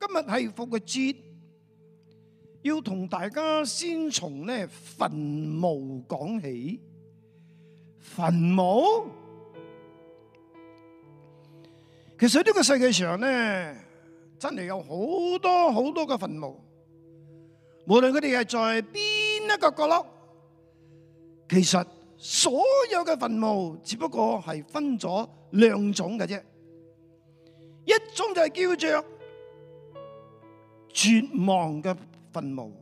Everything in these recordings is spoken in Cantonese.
今日係復活節，要同大家先從咧墳墓講起。墳墓，其實呢個世界上咧，真係有好多好多嘅墳墓，無論佢哋係在邊一個角落，其實所有嘅墳墓只不過係分咗兩種嘅啫，一種就係叫做，絕望嘅墳墓，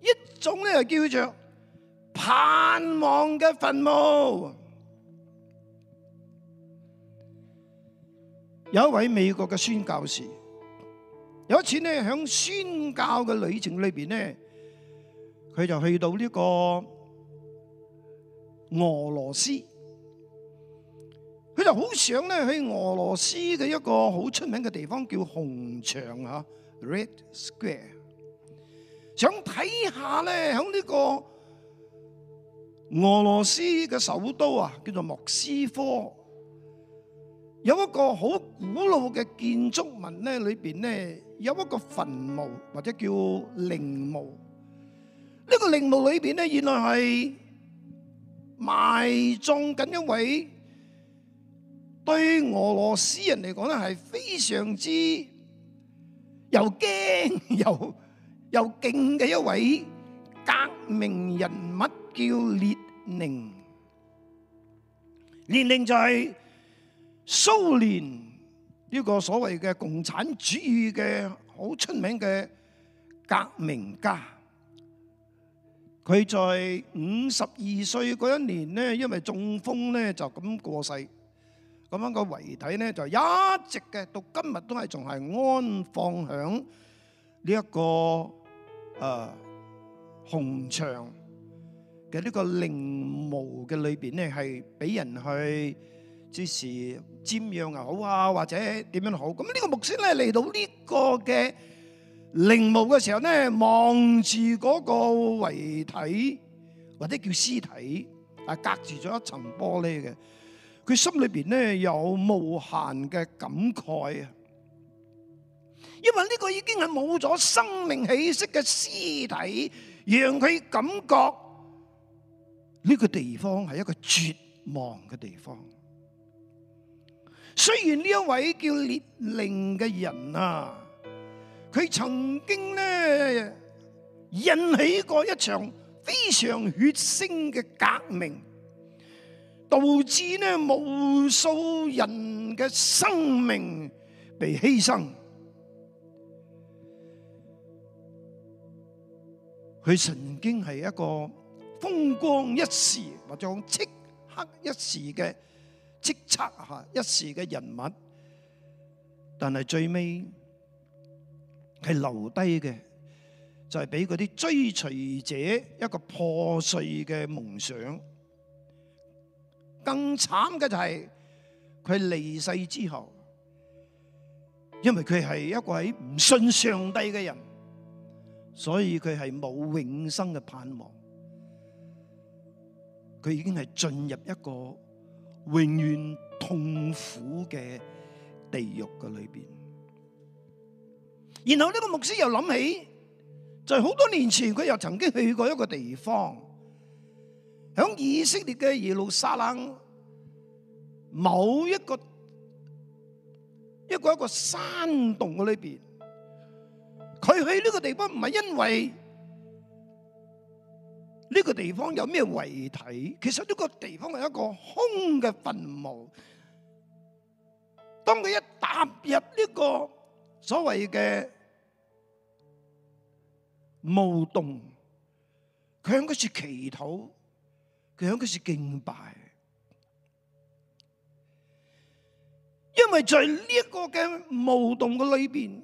一種咧就叫做盼望嘅墳墓。有一位美國嘅宣教士，有一次呢，響宣教嘅旅程裏邊呢，佢就去到呢個俄羅斯，佢就好想咧去俄羅斯嘅一個好出名嘅地方叫紅場吓。Red Square，想睇下咧，響呢個俄羅斯嘅首都啊，叫做莫斯科，有一個好古老嘅建築物咧，裏邊咧有一個墳墓或者叫陵墓。呢個陵墓裏邊咧，原來係埋葬緊一位對俄羅斯人嚟講咧，係非常之。又驚又又勁嘅一位革命人物叫列寧，列寧就係蘇聯呢個所謂嘅共產主義嘅好出名嘅革命家，佢在五十二歲嗰一年呢，因為中風呢就咁過世。咁樣個遺體咧就一直嘅到今日都係仲係安放喺呢一個誒紅牆嘅呢個陵墓嘅裏邊咧，係俾人去即時瞻仰又好啊，或者點樣好。咁呢個牧師咧嚟到呢個嘅陵墓嘅時候咧，望住嗰個遺體或者叫屍體啊，隔住咗一層玻璃嘅。佢心裏邊咧有無限嘅感慨啊，因為呢個已經係冇咗生命氣息嘅屍體，讓佢感覺呢個地方係一個絕望嘅地方。雖然呢一位叫列寧嘅人啊，佢曾經咧引起過一場非常血腥嘅革命。導致咧無數人嘅生命被犧牲。佢曾經係一個風光一時，或者講叱咤一時嘅叱咤吓一時嘅人物，但係最尾係留低嘅就係俾嗰啲追隨者一個破碎嘅夢想。更慘嘅就係佢離世之後，因為佢係一個喺唔信上帝嘅人，所以佢係冇永生嘅盼望，佢已經係進入一個永遠痛苦嘅地獄嘅裏邊。然後呢個牧師又諗起，就係好多年前佢又曾經去過一個地方。喺以色列嘅耶路撒冷某一個一個一個山洞嗰裏邊，佢去呢個地方唔係因為呢個地方有咩遺體，其實呢個地方係一個空嘅墳墓。當佢一踏入呢個所謂嘅墓洞，佢響嗰處祈禱。佢係是敬拜，因為在呢一個嘅墓洞嘅裏面，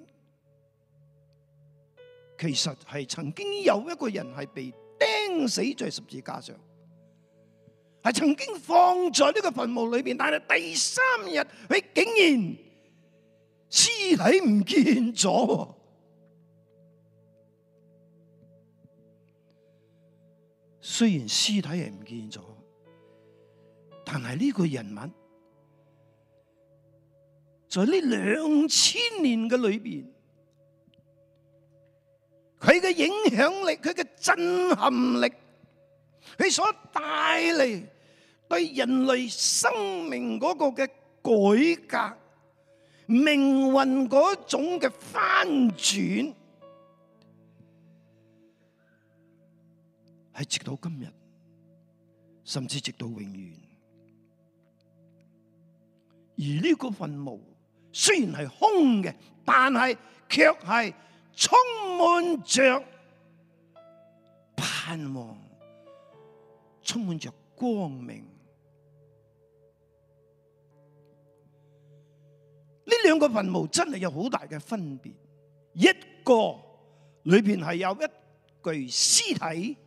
其實係曾經有一個人係被釘死在十字架上，係曾經放在呢個墳墓裏面。但係第三日佢竟然屍體唔見咗。雖然屍體係唔見咗，但係呢個人物在呢兩千年嘅裏邊，佢嘅影響力、佢嘅震撼力、佢所帶嚟對人類生命嗰個嘅改革、命運嗰種嘅翻轉。係直到今日，甚至直到永遠。而呢個墳墓雖然係空嘅，但係卻係充滿着盼望，充滿着光明。呢兩個墳墓真係有好大嘅分別，一個裏邊係有一具屍體。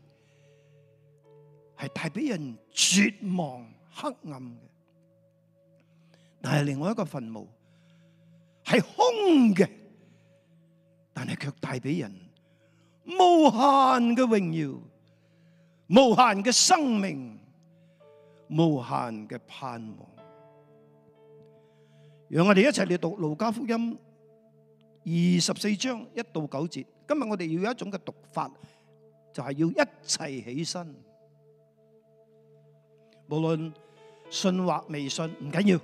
係帶俾人絕望、黑暗嘅，但係另外一個墳墓係空嘅，但係卻帶俾人無限嘅榮耀、無限嘅生命、無限嘅盼望。讓我哋一齊嚟讀《路加福音》二十四章一到九節。今日我哋要有一種嘅讀法，就係要一齊起身。無論信或未信，唔緊要，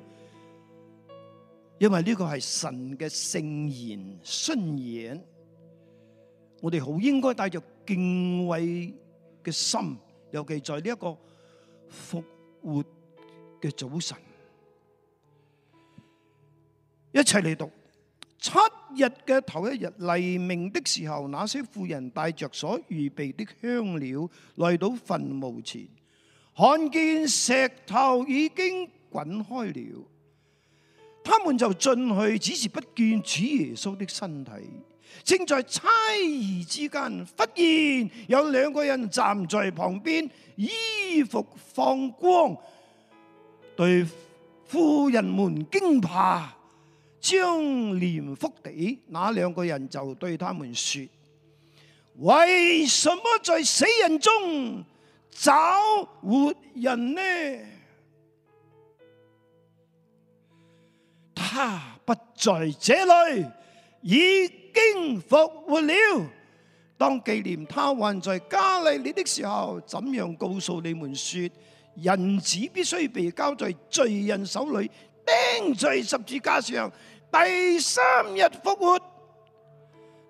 因為呢個係神嘅聖言信言，我哋好應該帶着敬畏嘅心，尤其在呢一個復活嘅早晨，一齊嚟讀七日嘅頭一日，黎明的時候，那些婦人帶着所預備的香料來到墳墓前。看見石頭已經滾開了，他們就進去，只是不見主耶穌的身體。正在猜疑之間，忽然有兩個人站在旁邊，衣服放光，對婦人們驚怕，將臉覆地。那兩個人就對他們說：為什麼在死人中？找活人呢？他不在這裏，已經復活了。當紀念他還在加利利的時候，怎樣告訴你們說，人子必須被交在罪人手裏，釘在十字架上，第三日復活？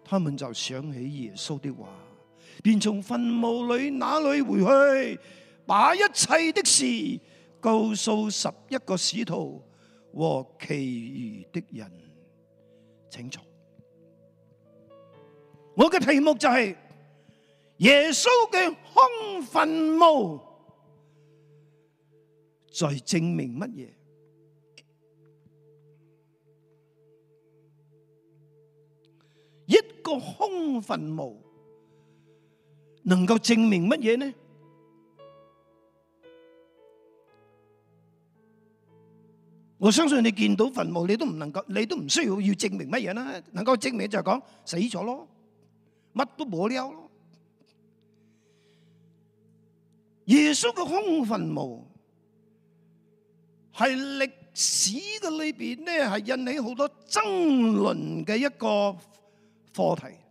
他們就想起耶穌的話。便從墳墓裏那裏回去，把一切的事告訴十一個使徒和其餘的人。請坐。我嘅題目就係耶穌嘅空墳墓，在證明乜嘢？一個空墳墓。能夠證明乜嘢呢？我相信你見到墳墓，你都唔能夠，你都唔需要要證明乜嘢啦。能夠證明就係講死咗咯，乜都冇得拗咯。耶穌嘅空墳墓係歷史嘅裏邊呢，係引起好多爭論嘅一個課題。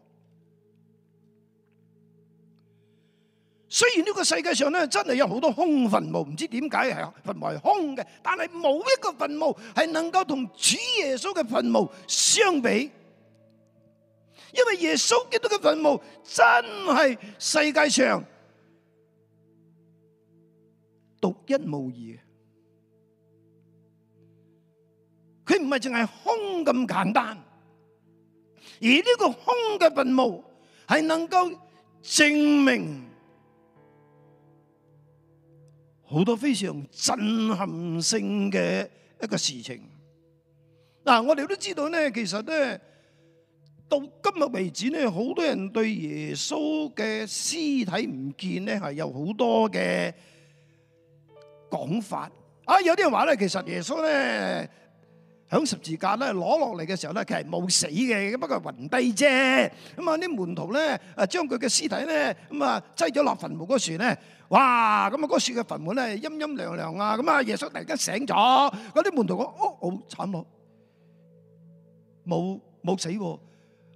雖然呢個世界上咧真係有好多空墳墓，唔知點解係墳墓係空嘅，但係冇一個墳墓係能夠同主耶穌嘅墳墓相比，因為耶穌基督嘅墳墓真係世界上獨一無二，佢唔係淨係空咁簡單，而呢個空嘅墳墓係能夠證明。好多非常震撼性嘅一個事情。嗱，我哋都知道咧，其實咧到今日為止咧，好多人對耶穌嘅屍體唔見咧，係有好多嘅講法。啊，有啲人話咧，其實耶穌咧喺十字架咧攞落嚟嘅時候咧，其實冇死嘅，不過暈低啫。咁啊，啲門徒咧啊，將佢嘅屍體咧，咁啊，擠咗落墳墓嗰時咧。哇！咁啊，嗰處嘅墳門咧陰陰涼涼啊！咁啊，耶穌突然間醒咗，嗰啲門徒講：哦，好慘喎，冇冇死喎，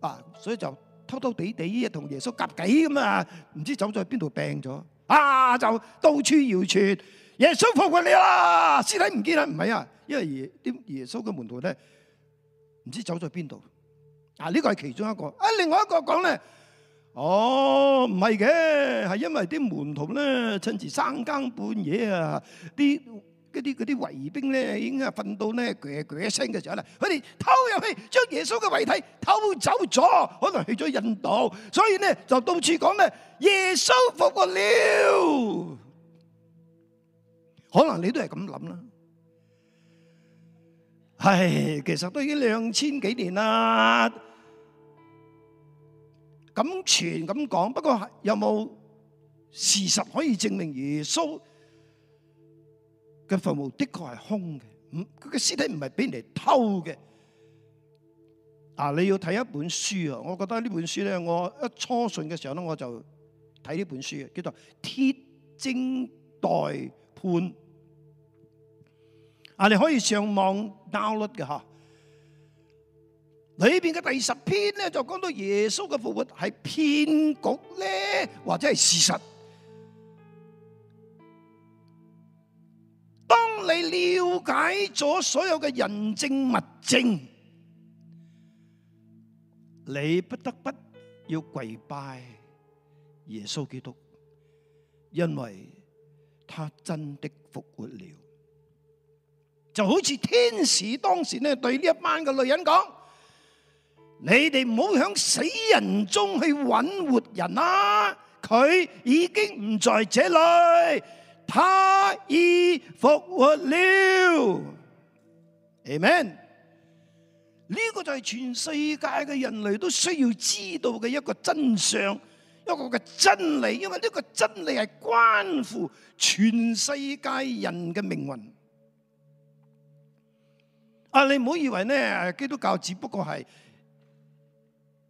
啊！啊，所以就偷偷地地同耶穌夾計咁啊，唔知走咗去邊度病咗啊！就到處謠傳，耶穌復活你啦，屍體唔見啦，唔係啊，因為啲耶穌嘅門徒咧唔知走咗去邊度。啊，呢個係其中一個。啊，另外一個講咧。哦，唔係嘅，係因為啲門徒咧，趁住三更半夜啊，啲嗰啲嗰啲衞兵咧已經係瞓到咧，噉噉一聲嘅時候咧，佢哋偷入去，將耶穌嘅遺體偷走咗，可能去咗印度，所以咧就到處講咧，耶穌復活了，可能你都係咁諗啦。唉，其實都已經兩千幾年啦。咁傳咁講，不過有冇事實可以證明耶穌嘅墳墓的確係空嘅？唔，佢嘅屍體唔係俾人哋偷嘅。啊，你要睇一本書啊！我覺得呢本書咧，我一初信嘅時候咧，我就睇呢本書嘅，叫做《鐵證待判》。啊，你可以上網 download 嘅嚇。裏邊嘅第十篇咧，就講到耶穌嘅復活係騙局咧，或者係事實。當你了解咗所有嘅人證物證，你不得不要跪拜耶穌基督，因為他真的復活了。就好似天使當時咧，對呢一班嘅女人講。你哋唔好喺死人中去揾活人啊，佢已經唔在這裏，他已復活了。阿門。呢個就係全世界嘅人類都需要知道嘅一個真相，一個嘅真理，因為呢個真理係關乎全世界人嘅命運。啊，你唔好以為呢，基督教只不過係。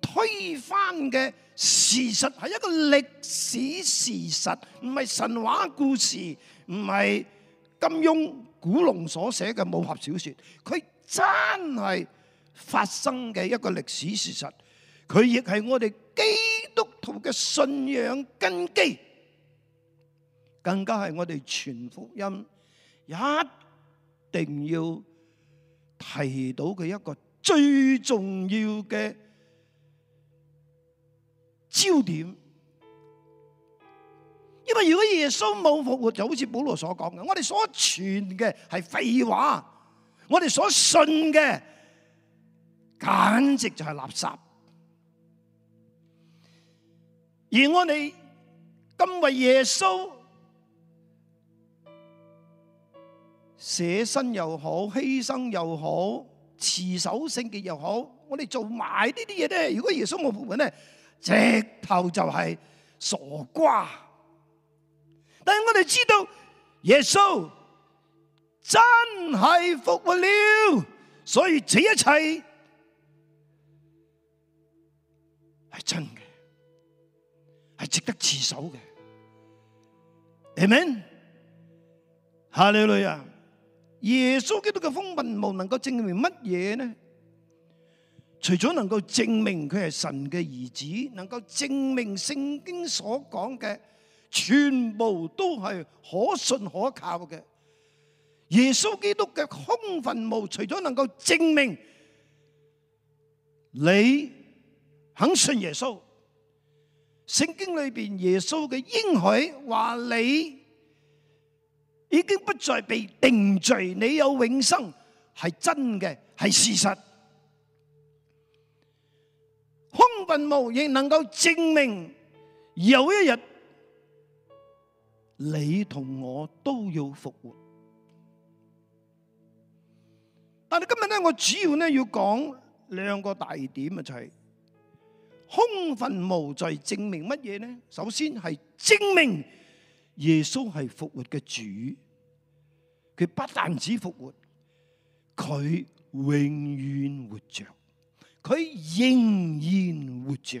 推翻嘅事實係一個歷史事實，唔係神話故事，唔係金庸、古龍所寫嘅武俠小說。佢真係發生嘅一個歷史事實，佢亦係我哋基督徒嘅信仰根基，更加係我哋傳福音一定要提到嘅一個最重要嘅焦點，因為如果耶穌冇復活，就好似保羅所講嘅，我哋所傳嘅係廢話，我哋所信嘅簡直就係垃圾。而我哋甘為耶穌捨身又好，犧牲又好，持守聖潔又好，我哋做埋呢啲嘢咧，如果耶穌冇復活咧。直頭就係傻瓜，但係我哋知道耶穌真係復活了，所以這一切係真嘅，係值得持守嘅。係咪？哈利路亞，耶穌基督嘅福音冇能夠證明乜嘢呢？除咗能夠證明佢係神嘅兒子，能夠證明聖經所講嘅全部都係可信可靠嘅，耶穌基督嘅空墳墓，除咗能夠證明你肯信耶穌，聖經裏邊耶穌嘅應許話你已經不再被定罪，你有永生，係真嘅，係事實。空墳墓亦能夠證明有一日你同我都要復活。但係今日咧，我主要咧要講兩個大點啊，就係空墳墓在證明乜嘢咧？首先係證明耶穌係復活嘅主，佢不但止復活，佢永遠活着。佢仍然活着。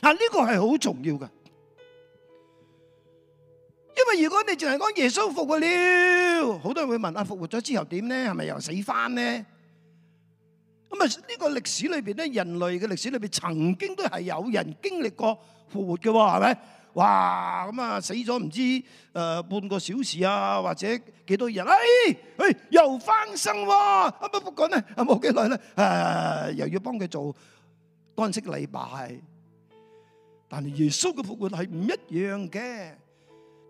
嗱，呢個係好重要嘅，因為如果你淨係講耶穌復活了，好多人會問，啊，復活咗之後點咧？係咪又死翻咧？咁啊呢個歷史裏邊咧，人類嘅歷史裏邊曾經都係有人經歷過復活嘅，係咪？哇！咁啊，死咗唔知誒半個小時啊，或者幾多日？哎哎，又翻生喎！不過呢，冇幾耐呢，又要幫佢做安息禮拜。但係耶穌嘅復活係唔一樣嘅。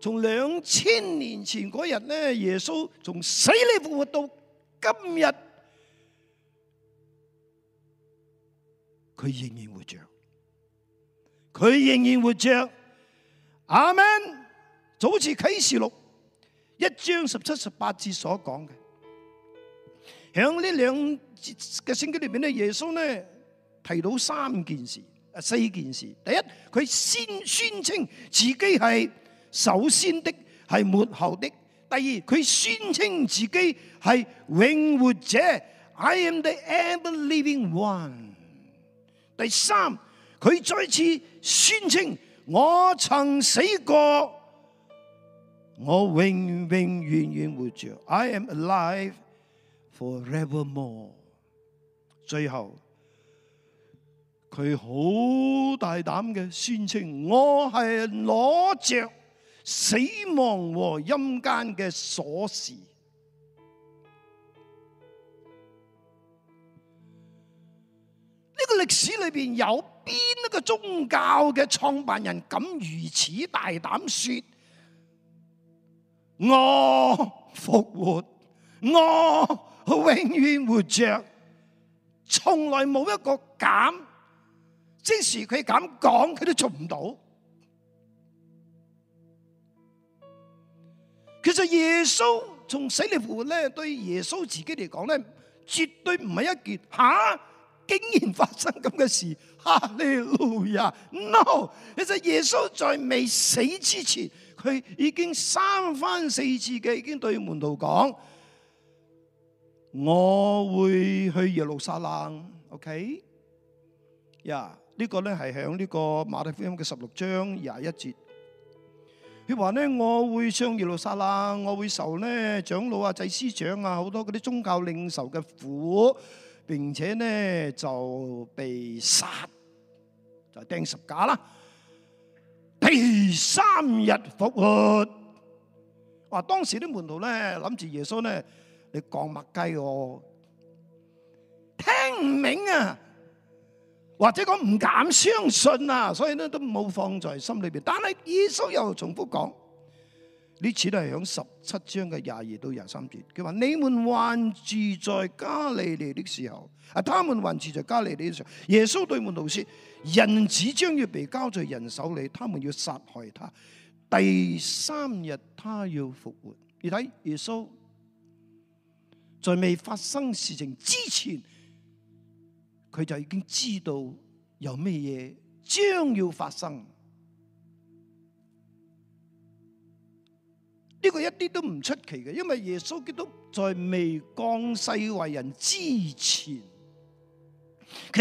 從兩千年前嗰日呢，耶穌從死裏復活到今日，佢仍然活着。佢仍然活着。阿 man 就好似啟示錄一章十七十八節所講嘅，響呢兩節嘅聖經裏邊咧，耶穌咧提到三件事啊，四件事。第一，佢先宣稱自己係首先的，係末後的；第二，佢宣稱自己係永活者，I am the ever living one；第三，佢再次宣稱。我曾死過，我永永遠遠活着。I am alive forevermore。最後佢好大膽嘅宣稱：我係攞着死亡和陰間嘅鎖匙。呢個歷史裏邊有。邊一個宗教嘅創辦人敢如此大膽說？我復活，我永遠活着，從來冇一個敢，即使佢咁講，佢都做唔到。其實耶穌從死裏復活咧，對耶穌自己嚟講咧，絕對唔係一件吓。竟然發生咁嘅事，哈利路亞！No，其實耶穌在未死之前，佢已經三番四次嘅，已經對門徒講：我會去耶路撒冷。OK，呀，呢個咧係響呢個馬太福音嘅十六章廿一節。佢話咧我會上耶路撒冷，我會受咧長老啊、祭司長啊、好多嗰啲宗教領袖嘅苦。並且呢就被殺，就釘十架啦。第三日復活，哇！當時啲門徒咧諗住耶穌咧，你講乜雞喎？聽唔明啊，或者講唔敢相信啊，所以咧都冇放在心裏邊。但係耶穌又重複講。呢次都係響十七章嘅廿二到廿三節，佢話，你們還住在加利利的時候，啊，他們還住在加利利的時候，耶穌對門徒說：人子將要被交在人手裏，他們要殺害他，第三日他要復活。你睇耶穌在未發生事情之前，佢就已經知道有咩嘢將要發生。呢、個一啲都唔出奇嘅，因為耶穌基督在未降世為人之前，其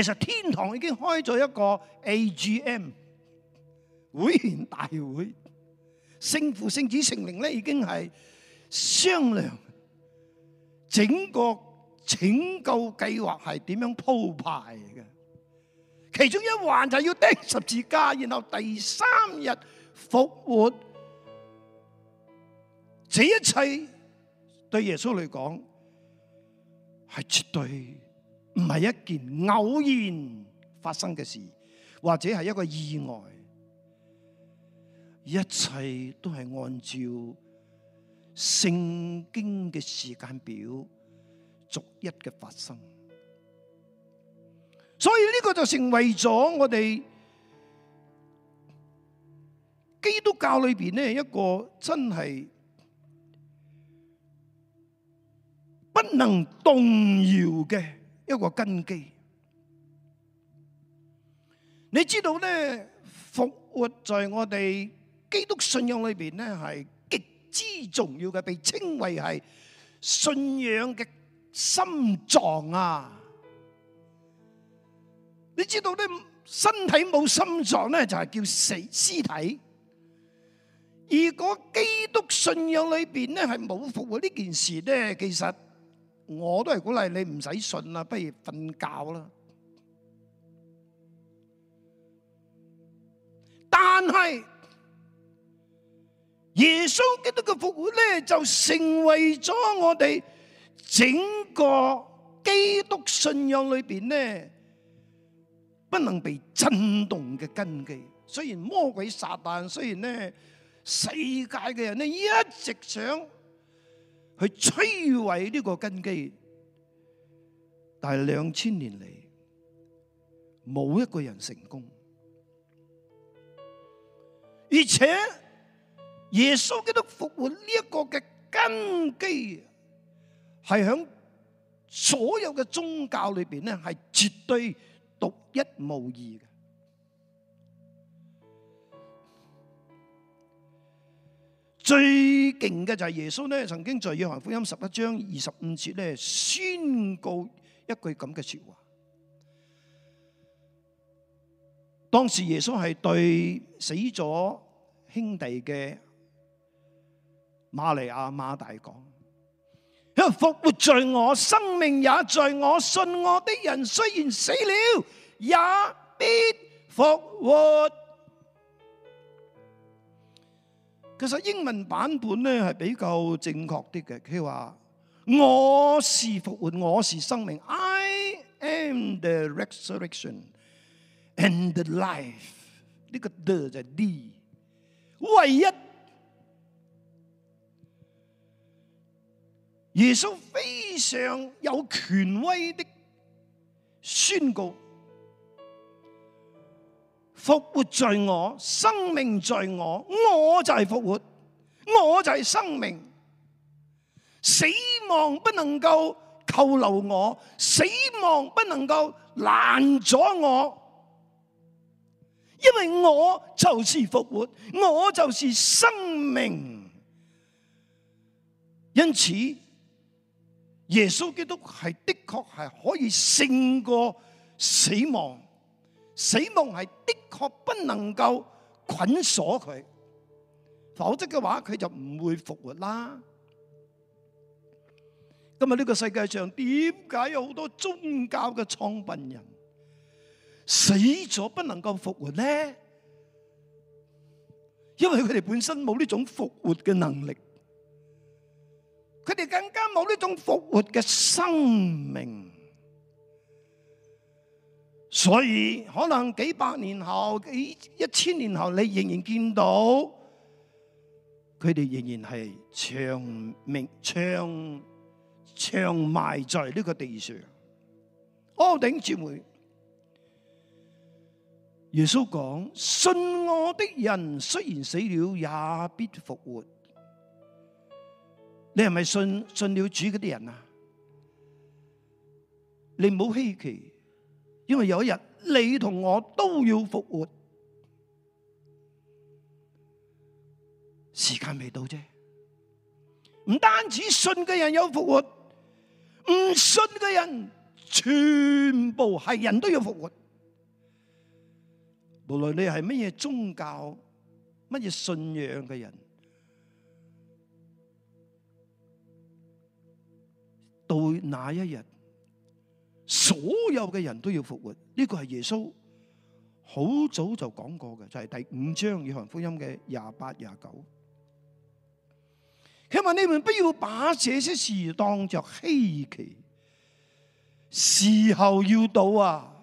實天堂已經開咗一個 AGM 會員大會，聖父、聖子、聖靈咧已經係商量整個拯救計劃係點樣鋪排嘅，其中一環就係要釘十字架，然後第三日復活。這一切對耶穌嚟講係絕對唔係一件偶然發生嘅事，或者係一個意外，一切都係按照聖經嘅時間表逐一嘅發生。所以呢個就成為咗我哋基督教裏面呢一個真係。不能動搖嘅一個根基，你知道咧，復活在我哋基督信仰裏邊咧係極之重要嘅，被稱為係信仰嘅心臟啊！你知道咧，身體冇心臟咧，就係叫死屍體。如果基督信仰裏邊咧係冇復活呢件事咧，其實。我都係鼓勵你唔使信啦，不如瞓覺啦。但係耶穌基督嘅復活咧，就成為咗我哋整個基督信仰裏邊咧，不能被震動嘅根基。雖然魔鬼撒旦，雖然咧世界嘅人咧一直想。去摧毀呢個根基，但係兩千年嚟冇一個人成功，而且耶穌基督復活呢一個嘅根基，係響所有嘅宗教裏邊咧係絕對獨一無二嘅。最勁嘅就係耶穌咧曾經在約翰福音十一章二十五節咧宣告一句咁嘅說話。當時耶穌係對死咗兄弟嘅瑪利亞馬大講：復活在我，生命也在我，信我的人雖然死了，也必復活。其實英文版本咧係比較正確啲嘅，佢話我是復活，我是生命。I am the resurrection and the life。呢個 the 就係 D。唯一耶穌非常有權威的宣告。復活在我，生命在我，我就係復活，我就係生命。死亡不能夠扣留我，死亡不能夠攔阻我，因為我就是復活，我就是生命。因此，耶穌基督係的確係可以勝過死亡。死亡係的確不能夠捆鎖佢，否則嘅話佢就唔會復活啦。今日呢個世界上點解有好多宗教嘅創辦人死咗不能夠復活呢？因為佢哋本身冇呢種復活嘅能力，佢哋更加冇呢種復活嘅生命。所以可能幾百年後，幾一千年後，你仍然見到佢哋仍然係長命、長長埋在呢個地上。柯頂聚會，耶穌講：信我的人雖然死了，也必復活。你係咪信信了主啲人啊？你唔好稀奇。因為有一日，你同我都要復活，時間未到啫。唔單止信嘅人有復活，唔信嘅人全部係人都要復活。無論你係乜嘢宗教，乜嘢信仰嘅人，到嗰一日。所有嘅人都要復活，呢、這個係耶穌好早就講過嘅，就係、是、第五章約翰福音嘅廿八廿九。希望你們不要把這些事當作稀奇，時候要到啊！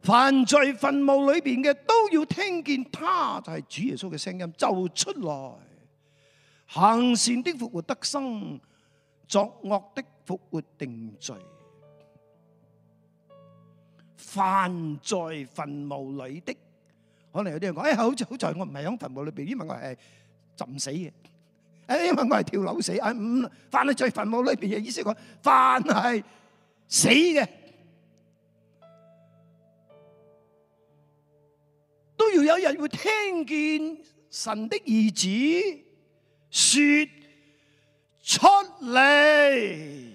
凡在墳墓裏邊嘅都要聽見他，他就係、是、主耶穌嘅聲音就出來。行善的復活得生，作惡的復活定罪。凡在墳墓裏的，可能有啲人講，誒，好似好在，我唔係喺墳墓裏邊，因為我係浸死嘅，誒，因為我係跳樓死，誒，唔，凡在墳墓裏邊嘅意思講，凡係死嘅，都要有一天會聽見神的兒子說出嚟。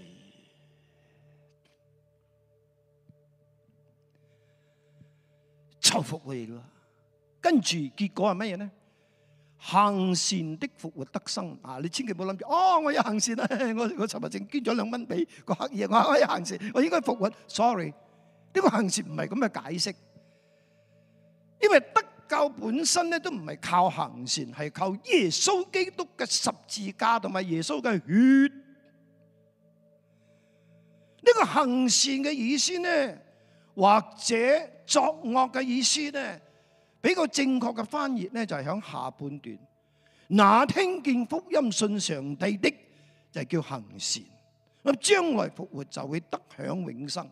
受服佢咯，跟住結果係乜嘢呢？行善的復活得生啊！你千祈唔好諗住哦，我有行善啊！我我尋日正捐咗兩蚊俾個乞兒，我可以行善，我應該復活。Sorry，呢個行善唔係咁嘅解釋，因為德教本身咧都唔係靠行善，係靠耶穌基督嘅十字架同埋耶穌嘅血。呢個行善嘅意思咧，或者。作惡嘅意思咧，比較正確嘅翻譯咧就係響下半段。那聽見福音信上帝的就叫行善，咁將來復活就會得享永生。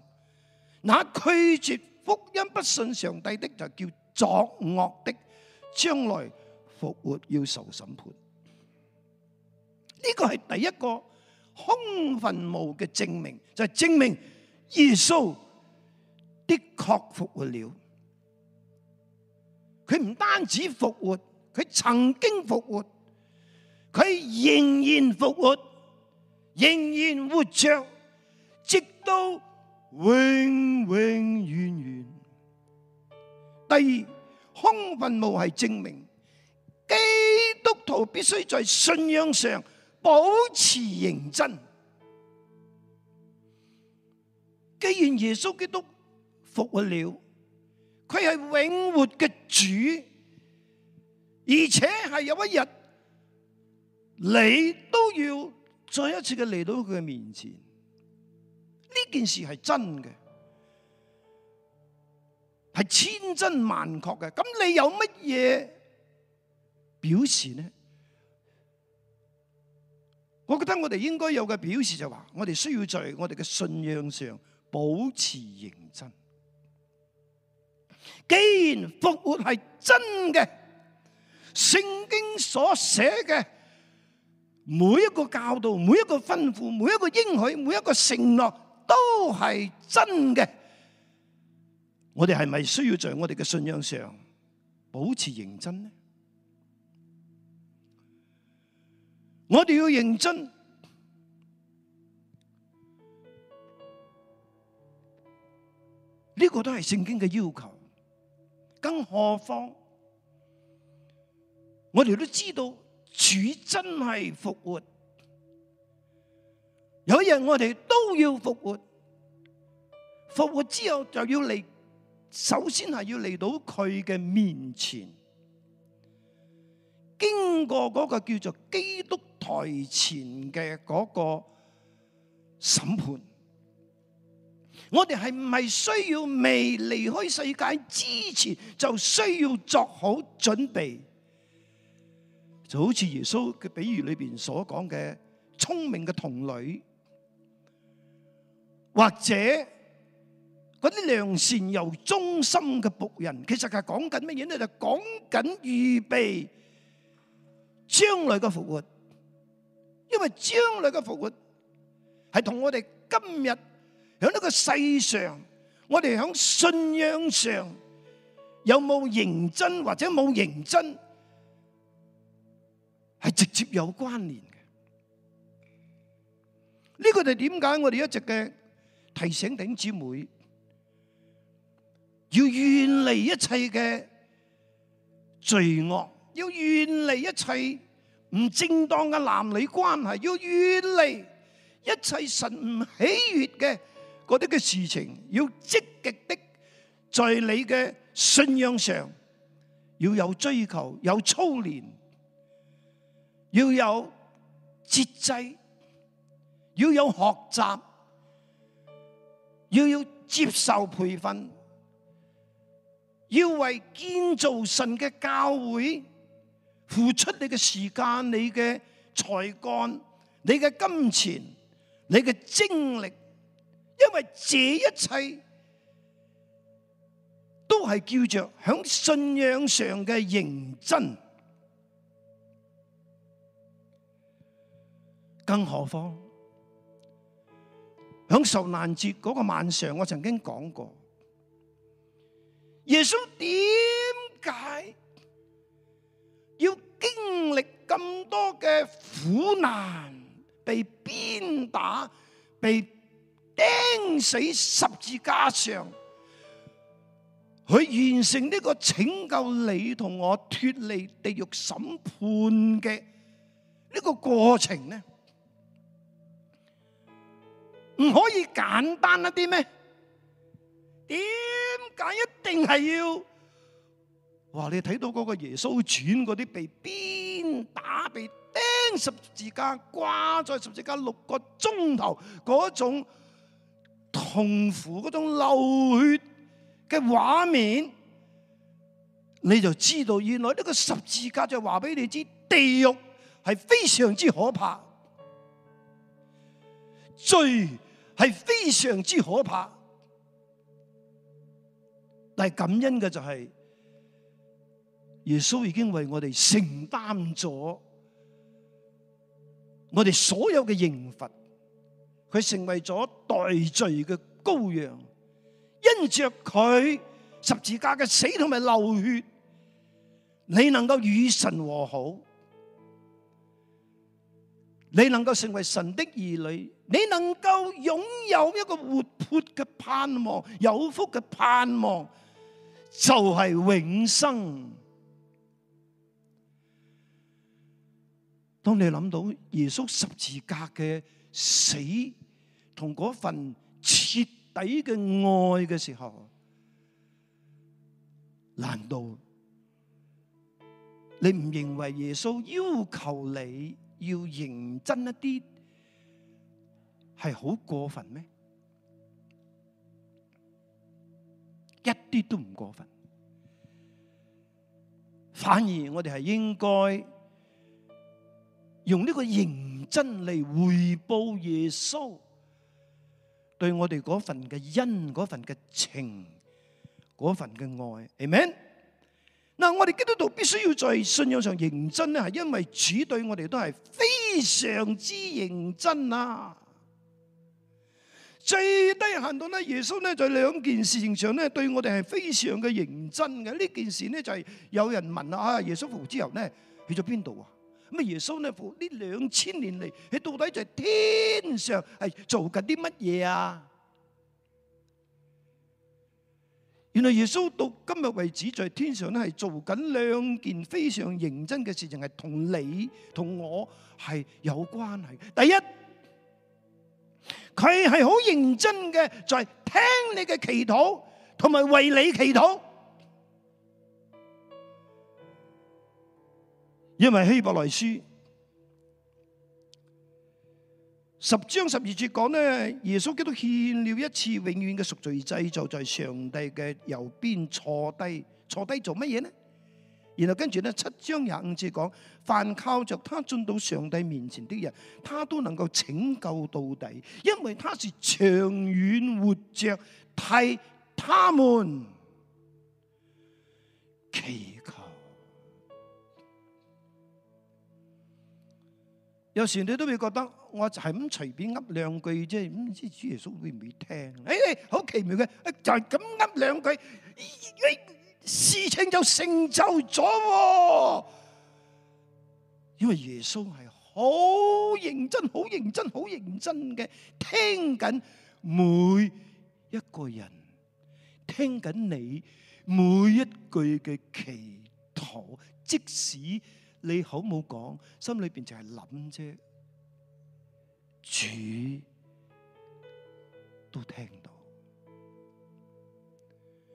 那拒絕福音不信上帝的就叫作惡的，將來復活要受審判。呢個係第一個空墳墓嘅證明，就係證明耶穌。的確復活了，佢唔單止復活，佢曾經復活，佢仍然復活，仍然活着，直到永永遠遠。第二，空墳墓係證明基督徒必須在信仰上保持認真。既然耶穌基督，復活了，佢係永活嘅主，而且係有一日你都要再一次嘅嚟到佢嘅面前。呢件事係真嘅，係千真萬確嘅。咁你有乜嘢表示呢？我覺得我哋應該有嘅表示就話，我哋需要在我哋嘅信仰上保持認真。既然復活係真嘅，聖經所寫嘅每一個教導、每一個吩咐、每一個應許、每一個承諾都係真嘅，我哋係咪需要在我哋嘅信仰上保持認真呢？我哋要認真，呢個都係聖經嘅要求。更何況，我哋都知道主真係復活，有一日，我哋都要復活，復活之後就要嚟，首先係要嚟到佢嘅面前，經過嗰個叫做基督台前嘅嗰個審判。我哋係唔係需要未離開世界之前就需要作好準備？就好似耶穌嘅比喻裏邊所講嘅聰明嘅童女，或者嗰啲良善又忠心嘅僕人，其實係講緊乜嘢咧？就講緊預備將來嘅復活，因為將來嘅復活係同我哋今日。喺呢個世上，我哋喺信仰上有冇認真或者冇認真，係直接有關聯嘅。呢個就係點解我哋一直嘅提醒弟兄姊妹，要遠離一切嘅罪惡，要遠離一切唔正當嘅男女關係，要遠離一切神唔喜悅嘅。嗰啲嘅事情要積極的，在你嘅信仰上要有追求，有操練，要有節制，要有學習，要有接受培訓，要為建造神嘅教會付出你嘅時間、你嘅才幹、你嘅金錢、你嘅精力。因為這一切都係叫做響信仰上嘅認真，更何況響受難節嗰個晚上，我曾經講過，耶穌點解要經歷咁多嘅苦難，被鞭打，被？釘死十字架上，去完成呢個拯救你同我脫離地獄審判嘅呢個過程呢？唔可以簡單一啲咩？點解一定係要？哇！你睇到嗰個耶穌轉嗰啲被鞭打、被釘十字架、掛在十字架六個鐘頭嗰種？痛苦嗰種流血嘅畫面，你就知道原來呢個十字架就話俾你知，地獄係非常之可怕，罪係非常之可怕。但係感恩嘅就係耶穌已經為我哋承擔咗我哋所有嘅刑罰。佢成為咗代罪嘅羔羊，因着佢十字架嘅死同埋流血，你能夠與神和好，你能夠成為神的兒女，你能夠擁有一個活潑嘅盼望，有福嘅盼望，就係永生。當你諗到耶穌十字架嘅死，同嗰份徹底嘅愛嘅時候，難道你唔認為耶穌要求你要認真一啲係好過分咩？一啲都唔過分，反而我哋係應該用呢個認真嚟回報耶穌。對我哋嗰份嘅恩，嗰份嘅情，嗰份嘅愛，Amen。嗱，我哋基督徒必須要在信仰上認真咧，係因為主對我哋都係非常之認真啊！最低限度咧，耶穌咧在兩件事情上咧對我哋係非常嘅認真嘅。呢件事咧就係有人問啊，啊，耶穌復活之後咧去咗邊度啊？咁啊，耶穌呢？呢兩千年嚟，佢到底在天上係做緊啲乜嘢啊？原來耶穌到今日為止，在天上咧係做緊兩件非常認真嘅事情，係同你同我係有關係。第一，佢係好認真嘅，在聽你嘅祈禱，同埋為你祈禱。因為希伯來書十章十二節講呢，耶穌基督獻了一次永遠嘅贖罪祭，就在上帝嘅右邊坐低，坐低做乜嘢呢？然後跟住呢七章廿五節講，凡靠着祂進到上帝面前的人，祂都能夠拯救到底，因為他是長遠活着替他們祈求。有時你都會覺得我這，我就係咁隨便噏兩句啫，唔知主耶穌會唔會聽？哎，好奇妙嘅，就係咁噏兩句，事情就成就咗。因為耶穌係好認真、好認真、好認真嘅，聽緊每一個人，聽緊你每一句嘅祈禱，即使。你口冇講，心裏邊就係諗啫，主都聽到。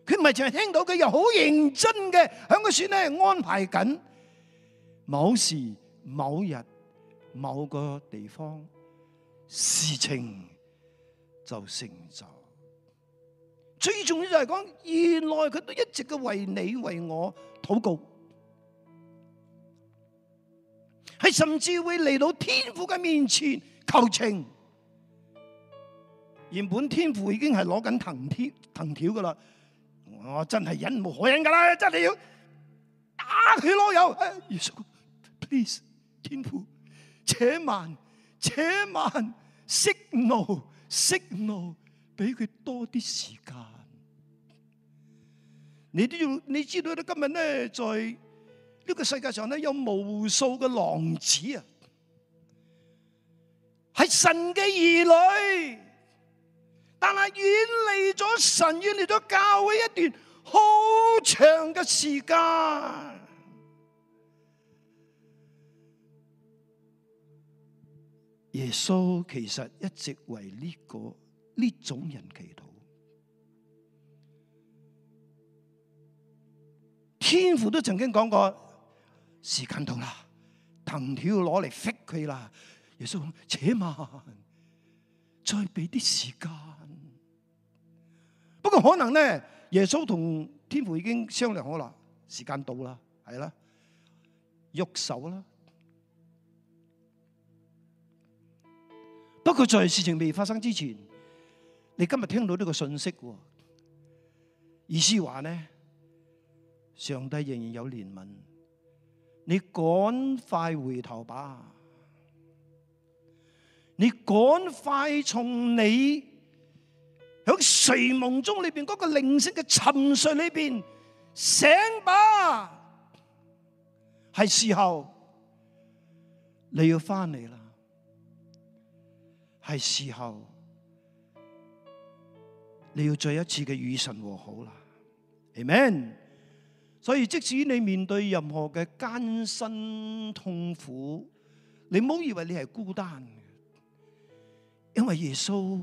佢唔係淨係聽到，佢又好認真嘅響個度咧安排緊某時、某日、某個地方，事情就成就。最重要就係講，原來佢都一直都為你為我禱告。係甚至會嚟到天父嘅面前求情，原本天父已經係攞緊藤條藤條噶啦，我真係忍無可忍噶啦，真係要打佢老友。耶穌，please，天父，且慢，且慢，息怒，息怒，俾佢多啲時間。你都要，你知道到今日咧在。呢個世界上咧有無數嘅浪子啊，係神嘅兒女，但係遠離咗神，遠離咗教會一段好長嘅時間。耶穌其實一直為呢個呢種人祈禱。天父都曾經講過。時間到啦，藤條攞嚟逼佢啦！耶穌講：且慢，再俾啲時間。不過可能呢，耶穌同天父已經商量好啦，時間到啦，係啦，喐手啦。不過在事情未發生之前，你今日聽到呢個訊息，意思話呢，上帝仍然有憐憫。你趕快回頭吧！你趕快從你響睡夢中裏邊嗰個靈性嘅沉睡裏邊醒吧！係時候你要翻嚟啦，係時候你要再一次嘅與神和好啦，Amen。所以即使你面對任何嘅艱辛痛苦，你唔好以為你係孤單嘅，因為耶穌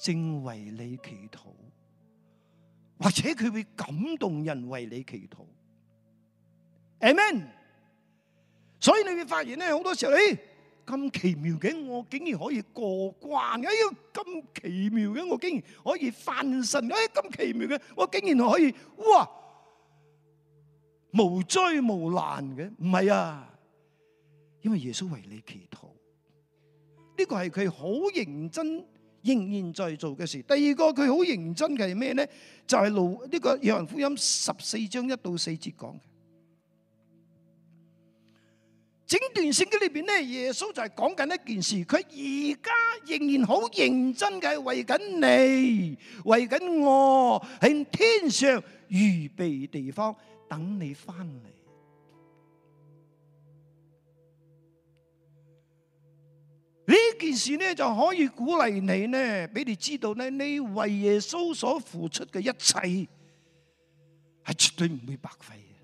正為你祈禱，或者佢會感動人為你祈禱。阿門。所以你會發現咧，好多時候，咦，咁奇妙嘅，我竟然可以過關嘅，咁奇妙嘅，我竟然可以翻身嘅，咁奇妙嘅，我竟然可以，哇！無災無難嘅唔係啊，因為耶穌為你祈禱，呢、這個係佢好認真仍然在做嘅事。第二個佢好認真嘅係咩咧？就係路呢個約翰福音十四章一到四節講嘅整段聖經裏邊咧，耶穌就係講緊一件事。佢而家仍然好認真嘅係為緊你，為緊我喺天上預備地方。等你翻嚟呢件事呢，就可以鼓勵你呢，俾你知道呢，你為耶穌所付出嘅一切係絕對唔會白費嘅。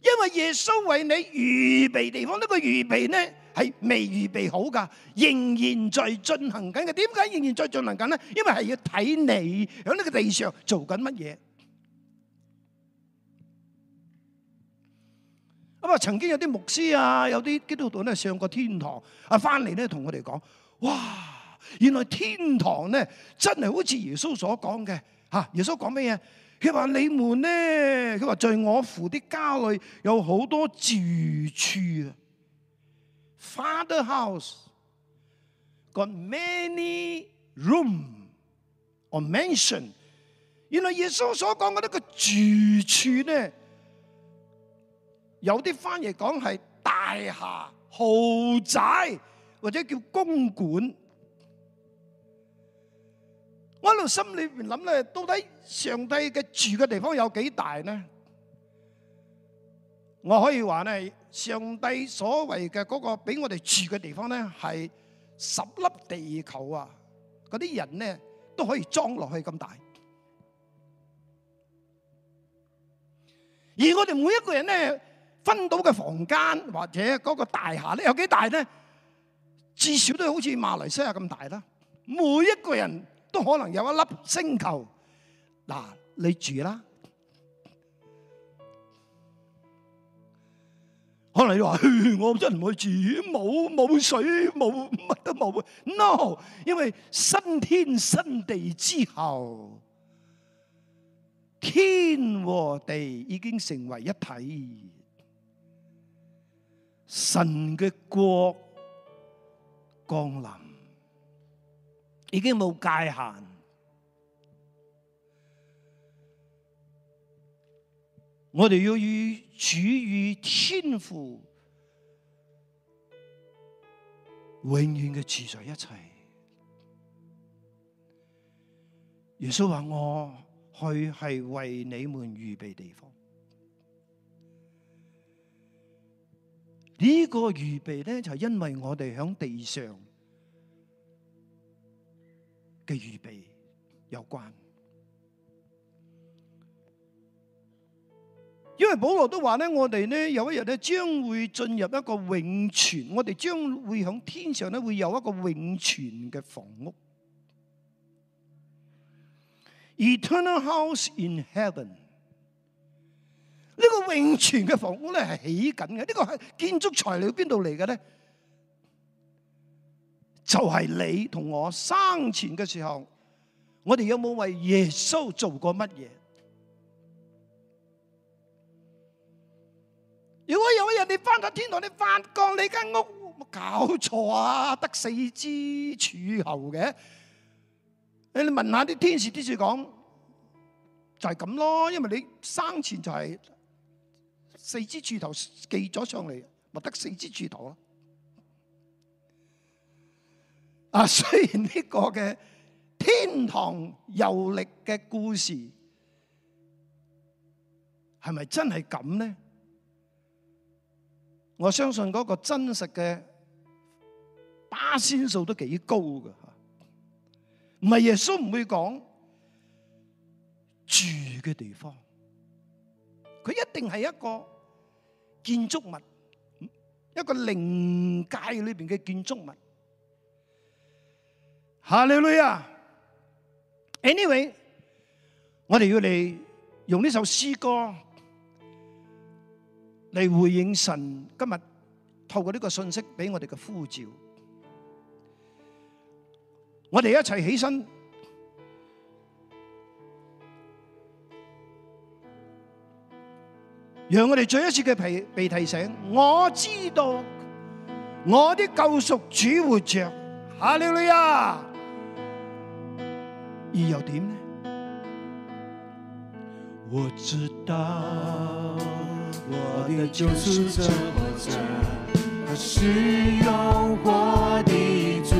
因為耶穌為你預備地方，呢個預備呢係未預備好噶，仍然在進行緊嘅。點解仍然在進行緊呢？因為係要睇你喺呢個地上做緊乜嘢。咁啊，曾經有啲牧師啊，有啲基督徒咧上過天堂，啊翻嚟咧同我哋講，哇，原來天堂咧真係好似耶穌所講嘅嚇。耶穌講咩嘢？佢話你們咧，佢話在我父啲家裏有好多住處。Father house got many room or mansion。原來耶穌所講嗰啲個住處咧。有啲翻譯講係大廈豪宅，或者叫公館。我喺度心裏邊諗咧，到底上帝嘅住嘅地方有幾大呢？我可以話咧，上帝所謂嘅嗰個俾我哋住嘅地方咧，係十粒地球啊！嗰啲人咧都可以裝落去咁大。而我哋每一個人咧，分到嘅房間或者嗰個大廈咧，有幾大咧？至少都好似馬來西亞咁大啦。每一個人都可能有一粒星球嗱，你住啦。可能你話：噓，我真唔會住，冇冇水，冇乜都冇。No，因為新天新地之後，天和地已經成為一體。神嘅國降臨，已經冇界限。我哋要與主與天父永遠嘅住在一齊。耶穌話：我去係為你哋預備地方。呢、這個預備咧就係因為我哋喺地上嘅預備有關，因為保羅都話咧，我哋咧有一日咧將會進入一個永存，我哋將會喺天上咧會有一個永存嘅房屋。Eternal house in heaven. 呢個永存嘅房屋咧係起緊嘅，呢個係建築材料邊度嚟嘅咧？就係你同我生前嘅時候，我哋有冇為耶穌做過乜嘢？如果有一日你翻咗天堂，你發覺你間屋冇搞錯啊，得四支柱頭嘅，你問下啲天使，天使講，就係咁咯，因為你生前就係。四支柱頭寄咗上嚟，咪得四支柱頭咯。啊，雖然呢個嘅天堂遊歷嘅故事係咪真係咁呢？我相信嗰個真實嘅巴仙數都幾高噶吓，唔係耶穌唔會講住嘅地方，佢一定係一個，建築物，一個靈界裏邊嘅建築物。下兩位啊，Anyway，我哋要嚟，用呢首詩歌嚟回應神。今日透過呢個信息，俾我哋嘅呼召，我哋一齊起身。讓我哋再一次嘅提被提醒，我知道我啲救贖主活着，哈利路亞。伊又點呢？我知道我的救贖者活着，他是我的主，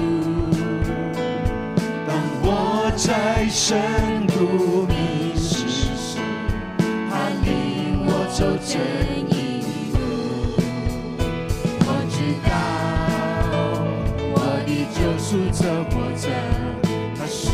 當我在深谷。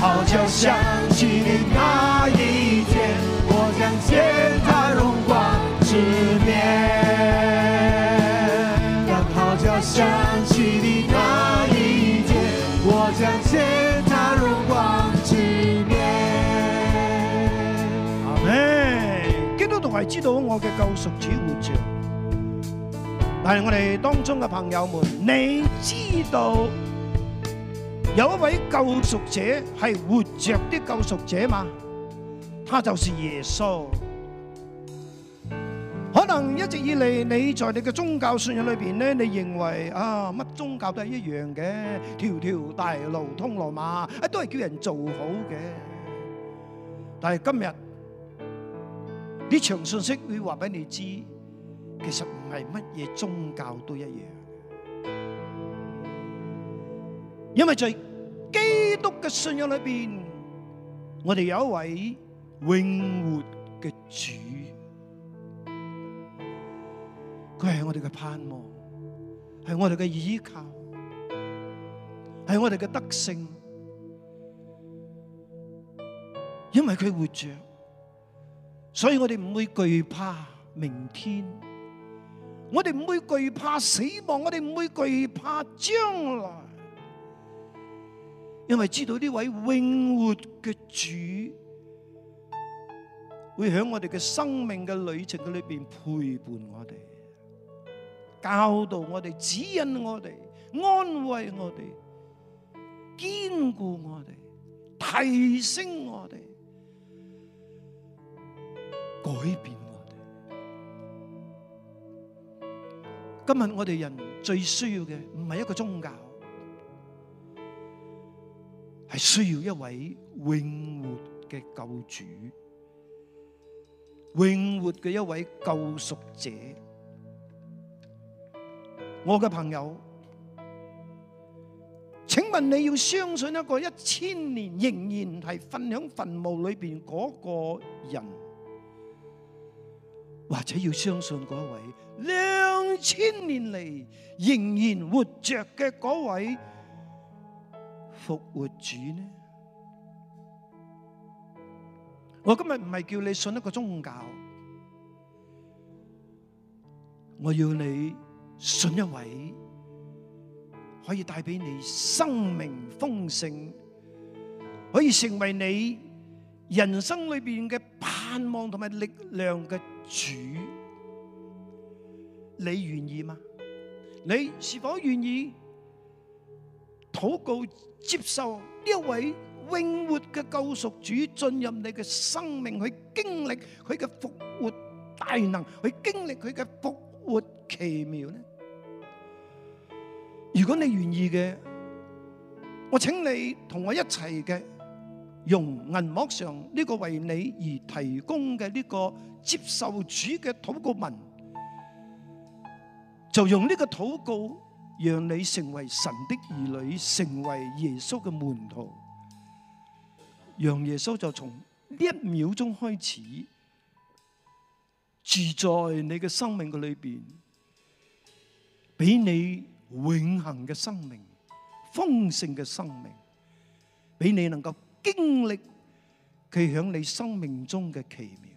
號角響起的那一天，我將見他榮光之面。當號角響起的那一天，我將見他榮光之面，光之面，啊。阿妹，基督同埋知道我嘅救贖主活着，但係我哋當中嘅朋友們，你知道？有一位救贖者係活着的救贖者嘛？他就是耶穌。可能一直以嚟，你在你嘅宗教信仰裏邊咧，你認為啊乜宗教都係一樣嘅，條條大路通羅馬，啊都係叫人做好嘅。但係今日呢場信息會話俾你知，其實唔係乜嘢宗教都一樣。因為在基督嘅信仰裏邊，我哋有一位永活嘅主，佢係我哋嘅盼望，係我哋嘅依靠，係我哋嘅德性。因為佢活着，所以我哋唔會懼怕明天，我哋唔會懼怕死亡，我哋唔會懼怕將來。因為知道呢位永活嘅主會喺我哋嘅生命嘅旅程嘅裏邊陪伴我哋，教導我哋，指引我哋，安慰我哋，堅固我哋，提升我哋，改變我哋。今日我哋人最需要嘅唔係一個宗教。係需要一位永活嘅救主，永活嘅一位救贖者。我嘅朋友，請問你要相信一個一千年仍然係瞓響墳墓裏邊嗰個人，或者要相信嗰一位兩千年嚟仍然活着嘅嗰位，復活主呢？我今日唔係叫你信一個宗教，我要你信一位可以帶俾你生命豐盛，可以成為你人生裏面嘅盼望同埋力量嘅主。你願意嗎？你是否願意？禱告接受呢一位永活嘅救贖主進入你嘅生命，去經歷佢嘅復活大能，去經歷佢嘅復活奇妙呢？如果你願意嘅，我請你同我一齊嘅，用銀幕上呢個為你而提供嘅呢個接受主嘅禱告文，就用呢個禱告。讓你成為神的兒女，成為耶穌嘅門徒。讓耶穌就從呢一秒鐘開始，住在你嘅生命嘅裏邊，俾你永恆嘅生命、豐盛嘅生命，俾你能夠經歷佢響你生命中嘅奇妙。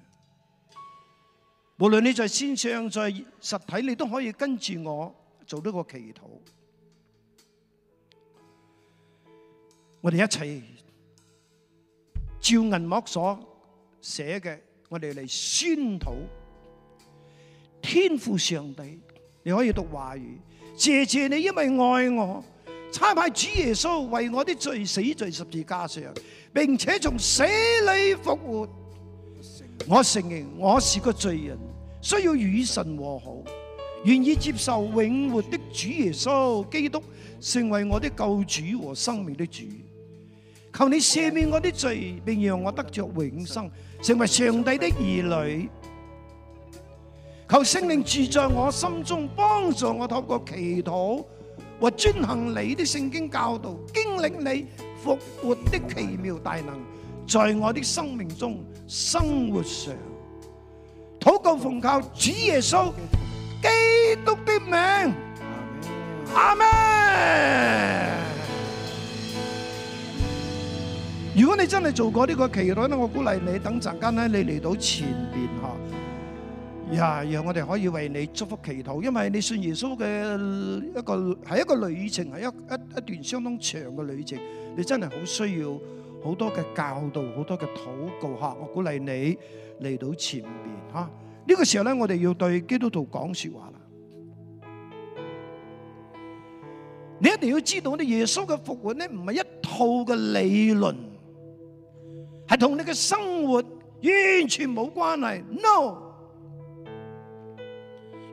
無論你在線上、在實體，你都可以跟住我做呢個祈禱，我哋一齊照銀幕所寫嘅，我哋嚟宣討天父上帝，你可以讀話語。謝謝你因為愛我，差派主耶穌為我的罪死在十字架上，並且從死裏復活。我承認我是個罪人，需要與神和好。願意接受永活的主耶穌基督成為我的救主和生命的主，求你赦免我的罪，並讓我得着永生，成為上帝的兒女。求聖靈住在我心中，幫助我透過祈禱和遵行你的聖經教導，經歷你復活的奇妙大能，在我的生命中、生活上，禱告奉靠主耶穌，基督的名，阿們。如果你真係做過呢個祈禱咧，我鼓勵你等陣間咧，你嚟到前邊吓，呀，讓我哋可以為你祝福祈禱。因為你信耶穌嘅一個係一個旅程，係一一一段相當長嘅旅程。你真係好需要好多嘅教導，好多嘅禱告吓。我鼓勵你嚟到前邊吓。呢個時候咧，我哋要對基督徒講說話啦。你一定要知道，呢耶穌嘅復活咧，唔係一套嘅理論，係同你嘅生活完全冇關係。no，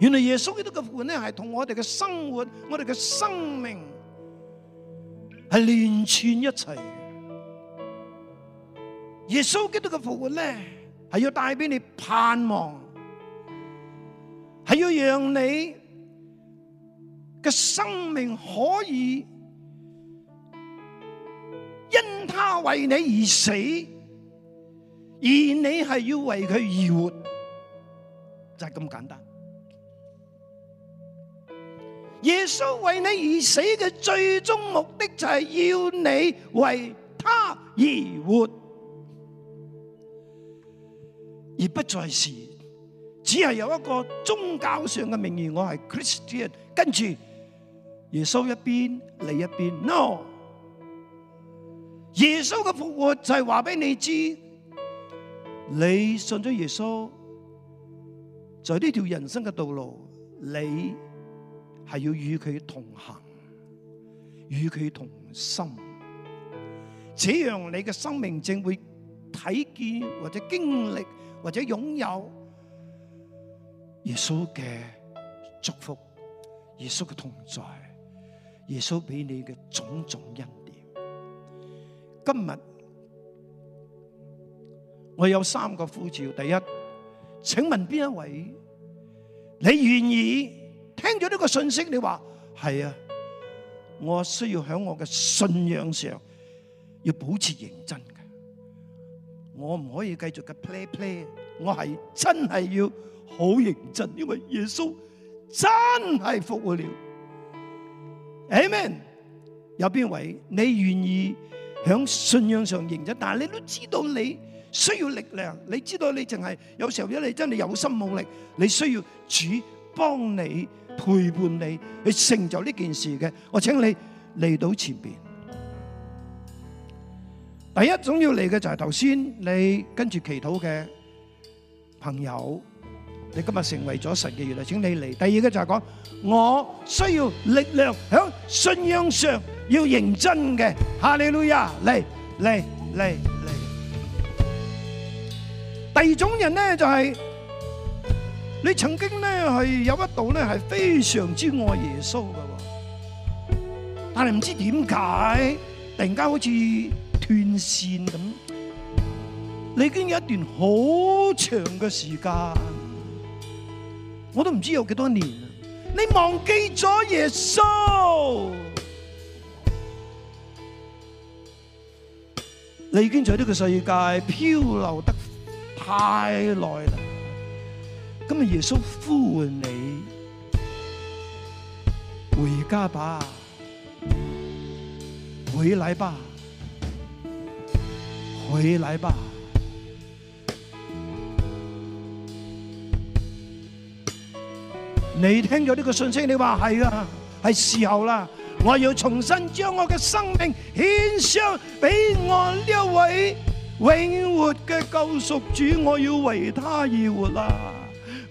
原來耶穌基督嘅復活咧，係同我哋嘅生活、我哋嘅生命係連串一齊嘅。耶穌基督嘅復活咧，係要帶俾你盼望。係要讓你嘅生命可以因他為你而死，而你係要為佢而活，就係咁簡單。耶穌為你而死嘅最終目的，就係要你為他而活，而不再是。只係有一個宗教上嘅名義，我係 Christian，跟住耶穌一邊，你一邊。No，耶穌嘅復活就係話俾你知，你信咗耶穌，在呢條人生嘅道路，你係要與佢同行，與佢同心，這樣你嘅生命正會睇見或者經歷或者擁有。耶穌嘅祝福，耶穌嘅同在，耶穌俾你嘅種種恩典。今日我有三個呼召，第一，請問邊一位，你願意聽咗呢個信息？你話係啊，我需要響我嘅信仰上要保持認真嘅，我唔可以繼續嘅 play play，我係真係要。好認真，因為耶穌真係復活了。阿門！有邊位你願意喺信仰上認真，但係你都知道你需要力量，你知道你淨係有時候因你真係有心冇力，你需要主幫你陪伴你去成就呢件事嘅，我請你嚟到前邊。第一種要嚟嘅就係頭先你跟住祈禱嘅朋友。你今日成為咗神嘅，原來請你嚟。第二個就係講，我需要力量喺信仰上要認真嘅，哈利路亞嚟嚟嚟嚟。第二種人咧就係、是、你曾經咧係有一度咧係非常之愛耶穌嘅，但係唔知點解突然間好似斷線咁，你已經有一段好長嘅時間。我都唔知有幾多年了，你忘記咗耶穌，你已經在呢個世界漂流得太耐了，今日耶穌呼喚你，回家吧，回來吧，回來吧。你聽咗呢個信息，你話係啊，係時候啦！我要重新將我嘅生命獻上俾我呢一位永活嘅救贖主，我要為他而活啦！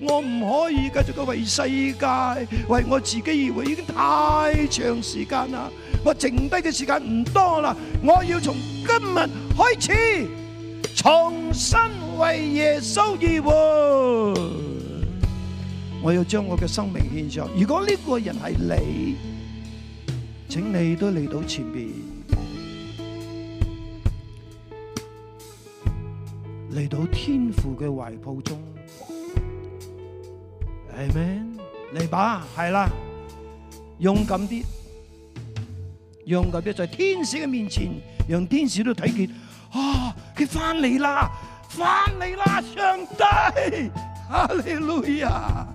我唔可以繼續咁為世界、為我自己而活，已經太長時間啦！我剩低嘅時間唔多啦，我要從今日開始重新為耶穌而活。我要將我嘅生命獻上。如果呢個人係你，請你都嚟到前邊，嚟到天父嘅懷抱中，阿妹？嚟吧，係啦，勇敢啲，勇敢啲，在天使嘅面前，讓天使都睇見，啊，佢翻嚟啦，翻嚟啦，上帝。啊，哈利路亞，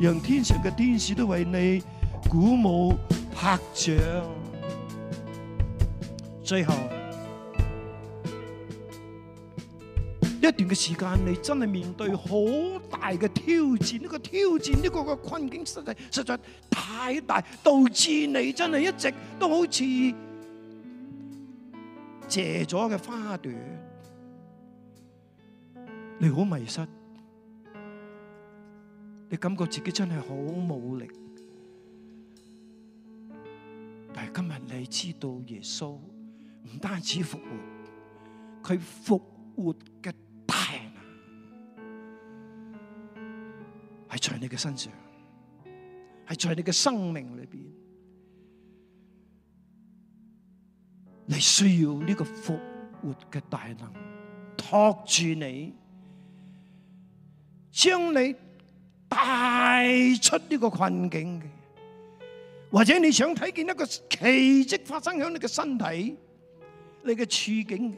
讓天上嘅天使都為你鼓舞拍掌。最後一段嘅時間，你真係面對好大嘅挑戰，呢個挑戰呢個個困境，實在實在太大，導致你真係一直都好似謝咗嘅花朵，你好迷失。你感覺自己真係好冇力，但係今日你知道耶穌唔單止復活，佢復活嘅大能係在你嘅身上，係在你嘅生命裏邊。你需要呢個復活嘅大能，托住你，將你帶出呢個困境嘅，或者你想睇見一個奇跡發生喺你嘅身體、你嘅處境嘅，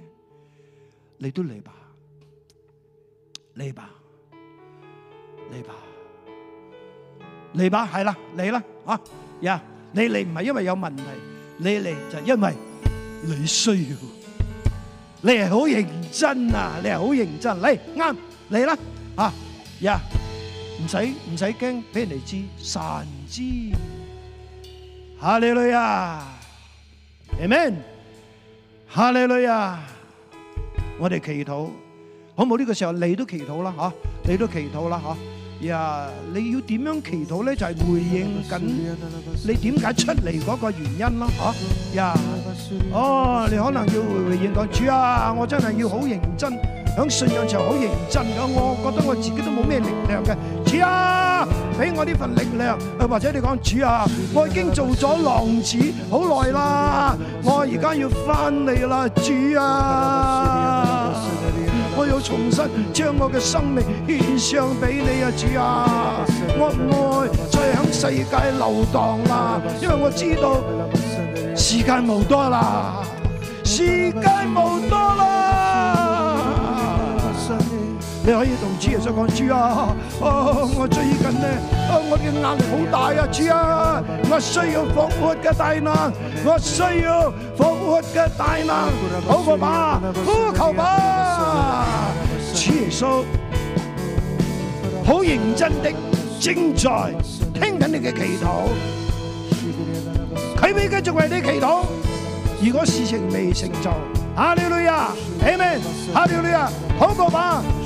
你都嚟吧，嚟吧，嚟吧，嚟吧，係啦，嚟啦，啊，呀、yeah，你嚟唔係因為有問題，你嚟就因為你需要，你係好認真啊，你係好認真，嚟，啱嚟啦，啊，呀、yeah。唔使唔使驚，俾人哋知神知，哈利路亞，amen，哈利路亞，我哋祈禱，好冇呢？這個時候你都祈禱啦，嗬、啊，你都祈禱啦，嗬、啊，呀、yeah，你要點樣祈禱咧？就係、是、回應緊你點解出嚟嗰個原因咯，呀、啊，哦、yeah. oh，你可能要回應主啊，我真係要好認真響信仰上好認真，咁我覺得我自己都冇咩力量嘅。啊，俾我呢份力量，或者你講主啊，我已經做咗浪子好耐啦，我而家要翻嚟啦，主啊，我要重新將我嘅生命獻上俾你啊，主啊，我唔愛再響世界流蕩啦，因為我知道時間無多啦，時間無多啦。你可以同主耶穌講，主啊，哦！我最近呢，哦，我嘅壓力好大啊！主啊，我需要復活嘅大能，我需要復活嘅大能，好唔好啊？呼求吧！吧主耶穌，好認真地正在聽緊你嘅祈禱，佢會繼續為你祈禱。如果事情未成就，阿利亞啊，阿們！阿利亞啊，好唔好啊？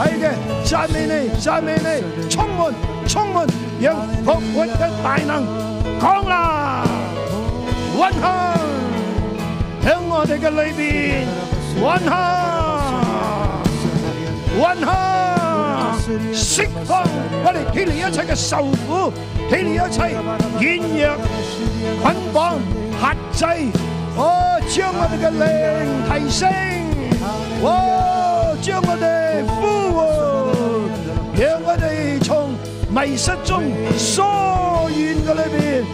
係嘅，讚美你讚美你充滿，充滿，復活嘅大能，降臨！萬哈，響我哋嘅裏邊，萬哈，萬哈，釋放我哋脫離一切嘅受苦，脫離一切軟弱捆綁轄制，我將我哋嘅靈提升，我、啊。哇將我哋呼喚，讓我哋從迷失中疏遠嘅裏邊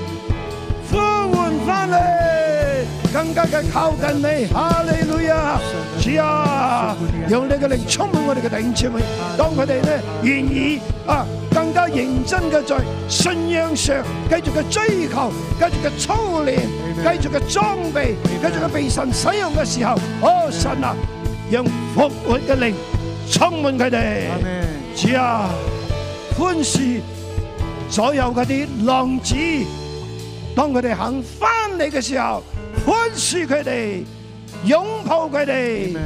呼喚翻嚟，更加嘅靠近你，哈利路亞，是啊！讓你嘅靈充滿我哋嘅弟兄姊妹，當佢哋咧願意啊，更加認真嘅在信仰上繼續嘅追求，繼續嘅操練，繼續嘅裝備，繼續嘅被神使用嘅時候，哦，神啊！讓復活嘅力充滿佢哋，主啊，寬恕所有嗰啲浪子。當佢哋肯翻嚟嘅時候，寬恕佢哋，擁抱佢哋，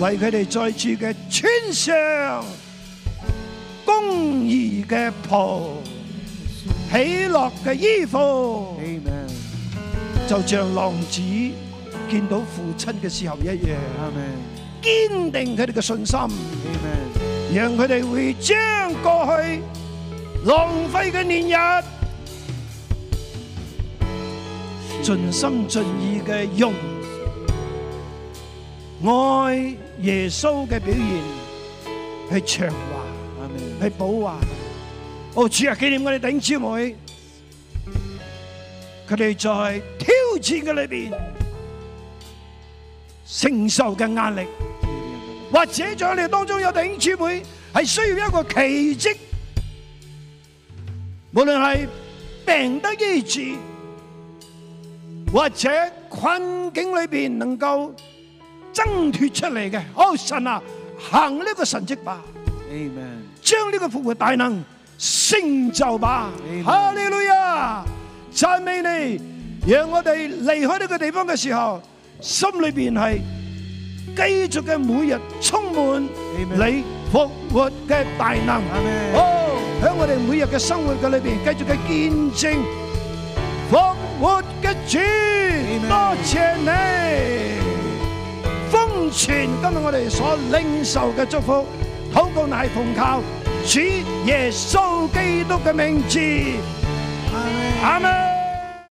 為佢哋再次嘅穿上公義嘅袍，喜樂嘅衣服，Amen，就像浪子見到父親嘅時候一樣。Yeah, 堅定佢哋嘅信心，讓佢哋會將過去浪費嘅年日，盡心盡意嘅用愛耶穌嘅表現去長華，去補華。哦，主啊，紀念我哋頂姊妹，佢哋在挑戰嘅裏邊承受嘅壓力。或者在我哋當中有弟兄姊妹係需要一個奇蹟，無論係病得醫治，或者困境裏邊能夠掙脫出嚟嘅。好神啊，行呢個神蹟吧，將呢個復活大能成就吧，哈利路亞，讚美你，讓我哋離開呢個地方嘅時候，心裏邊係。繼續嘅每日充滿你復活嘅大能，喺我哋每日嘅生活嘅裏邊，繼續嘅見證復活嘅主，多謝你封存，今日我哋所領受嘅祝福，禱告乃係奉靠主耶穌基督嘅名字，阿門。